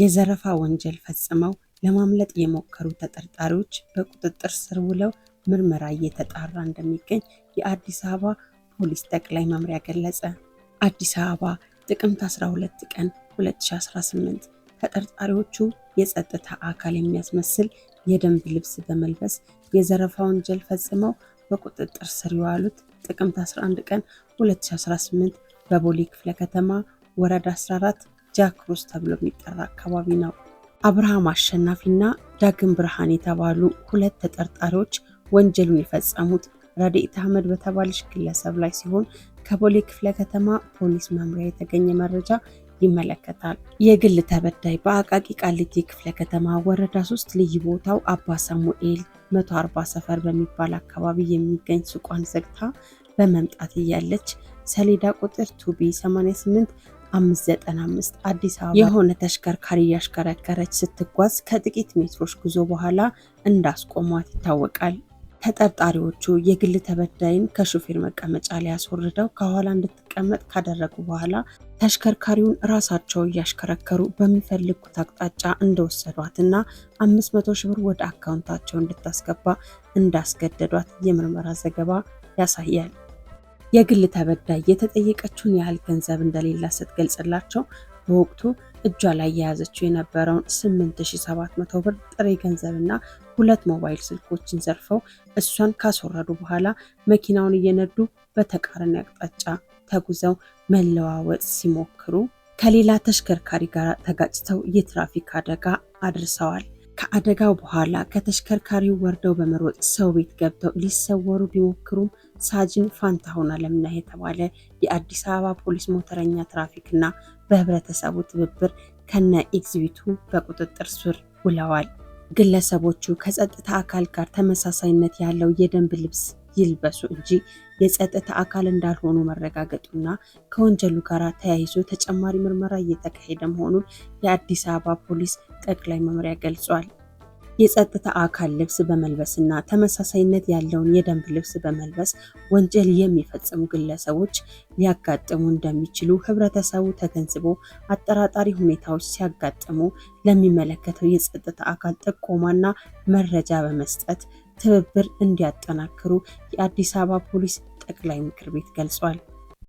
የዘረፋ ወንጀል ፈጽመው ለማምለጥ የሞከሩ ተጠርጣሪዎች በቁጥጥር ስር ውለው ምርመራ እየተጣራ እንደሚገኝ የአዲስ አበባ ፖሊስ ጠቅላይ መምሪያ ገለጸ። አዲስ አበባ ጥቅምት 12 ቀን 2018። ተጠርጣሪዎቹ የጸጥታ አካል የሚያስመስል የደንብ ልብስ በመልበስ የዘረፋ ወንጀል ፈጽመው በቁጥጥር ስር የዋሉት ጥቅምት 11 ቀን 2018 በቦሌ ክፍለ ከተማ ወረዳ 14 ጃክሮስ ተብሎ የሚጠራ አካባቢ ነው። አብርሃም አሸናፊና ዳግም ብርሃን የተባሉ ሁለት ተጠርጣሪዎች ወንጀሉን የፈጸሙት ረድኤት አህመድ በተባለች ግለሰብ ላይ ሲሆን ከቦሌ ክፍለ ከተማ ፖሊስ መምሪያ የተገኘ መረጃ ይመለከታል። የግል ተበዳይ በአቃቂ ቃሊቲ ክፍለ ከተማ ወረዳ ሶስት ልዩ ቦታው አባ ሳሙኤል 140 ሰፈር በሚባል አካባቢ የሚገኝ ሱቋን ዘግታ በመምጣት እያለች ሰሌዳ ቁጥር ቱቢ 88 595 አዲስ አበባ የሆነ ተሽከርካሪ እያሽከረከረች ስትጓዝ ከጥቂት ሜትሮች ጉዞ በኋላ እንዳስቆሟት ይታወቃል። ተጠርጣሪዎቹ የግል ተበዳይን ከሹፌር መቀመጫ ላይ አስወርደው ከኋላ እንድትቀመጥ ካደረጉ በኋላ ተሽከርካሪውን ራሳቸው እያሽከረከሩ በሚፈልጉት አቅጣጫ እንደወሰዷትና 500 ሺህ ብር ወደ አካውንታቸው እንድታስገባ እንዳስገደዷት የምርመራ ዘገባ ያሳያል። የግል ተበዳይ የተጠየቀችውን ያህል ገንዘብ እንደሌላ ስትገልጽላቸው በወቅቱ እጇ ላይ የያዘችው የነበረውን 8700 ብር ጥሬ ገንዘብና ሁለት ሞባይል ስልኮችን ዘርፈው እሷን ካስወረዱ በኋላ መኪናውን እየነዱ በተቃራኒ አቅጣጫ ተጉዘው መለዋወጥ ሲሞክሩ ከሌላ ተሽከርካሪ ጋር ተጋጭተው የትራፊክ አደጋ አድርሰዋል። ከአደጋው በኋላ ከተሽከርካሪው ወርደው በመሮጥ ሰው ቤት ገብተው ሊሰወሩ ቢሞክሩም ሳጅን ፋንታሁን አለምነህ የተባለ የአዲስ አበባ ፖሊስ ሞተረኛ ትራፊክና በህብረተሰቡ ትብብር ከነ ኤግዚቢቱ በቁጥጥር ስር ውለዋል። ግለሰቦቹ ከጸጥታ አካል ጋር ተመሳሳይነት ያለው የደንብ ልብስ ይልበሱ እንጂ የጸጥታ አካል እንዳልሆኑ መረጋገጡና ከወንጀሉ ጋር ተያይዞ ተጨማሪ ምርመራ እየተካሄደ መሆኑን የአዲስ አበባ ፖሊስ ጠቅላይ መምሪያ ገልጿል። የጸጥታ አካል ልብስ በመልበስና ተመሳሳይነት ያለውን የደንብ ልብስ በመልበስ ወንጀል የሚፈጽሙ ግለሰቦች ሊያጋጥሙ እንደሚችሉ ህብረተሰቡ ተገንዝቦ አጠራጣሪ ሁኔታዎች ሲያጋጥሙ ለሚመለከተው የጸጥታ አካል ጥቆማና መረጃ በመስጠት ትብብር እንዲያጠናክሩ የአዲስ አበባ ፖሊስ ጠቅላይ ምክር ቤት ገልጿል።